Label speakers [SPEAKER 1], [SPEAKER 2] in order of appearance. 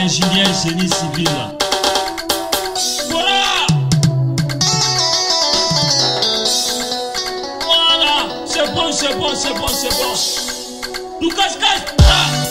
[SPEAKER 1] ingénieur génie civil. Voilà Voilà C'est bon, c'est bon, c'est bon, c'est bon. Lucas, casse ah.